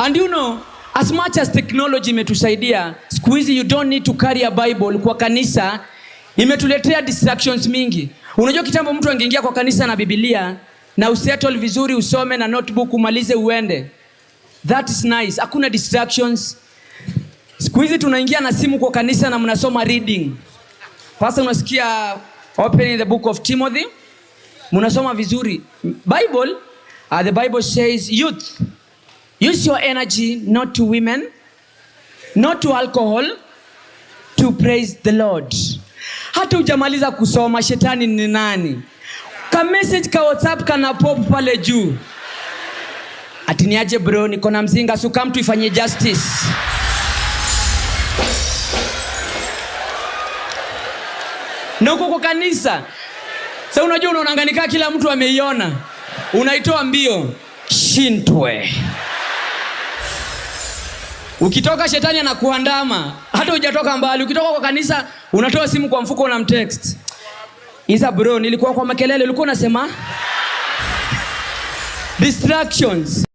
And you know, as much as technology imetusaidia siku hizi, you don't need to carry a Bible kwa kanisa. Imetuletea distractions mingi. Unajua kitambo mtu angeingia kwa kanisa na Biblia na usettle vizuri, usome na notebook umalize, uende. That is nice, hakuna distractions. Siku hizi tunaingia na simu kwa kanisa na mnasoma reading. Pastor, unasikia opening the book of Timothy, mnasoma vizuri Bible. Uh, the Bible says youth Use your energy not to women, not to alcohol, to praise the Lord. Hata ujamaliza kusoma, shetani ni nani? Ka message ka WhatsApp kana pop pale juu, atiniaje bro, niko na mzinga mtu ifanye justice. Na uko kwa kanisa sa unajua unaonanganikaa kila mtu ameiona, unaitoa mbio shintwe Ukitoka shetani anakuandama, hata hujatoka mbali. Ukitoka kwa kanisa unatoa simu kwa mfuko mtext Isa bro, nilikuwa kwa makelele, ulikuwa unasema distractions.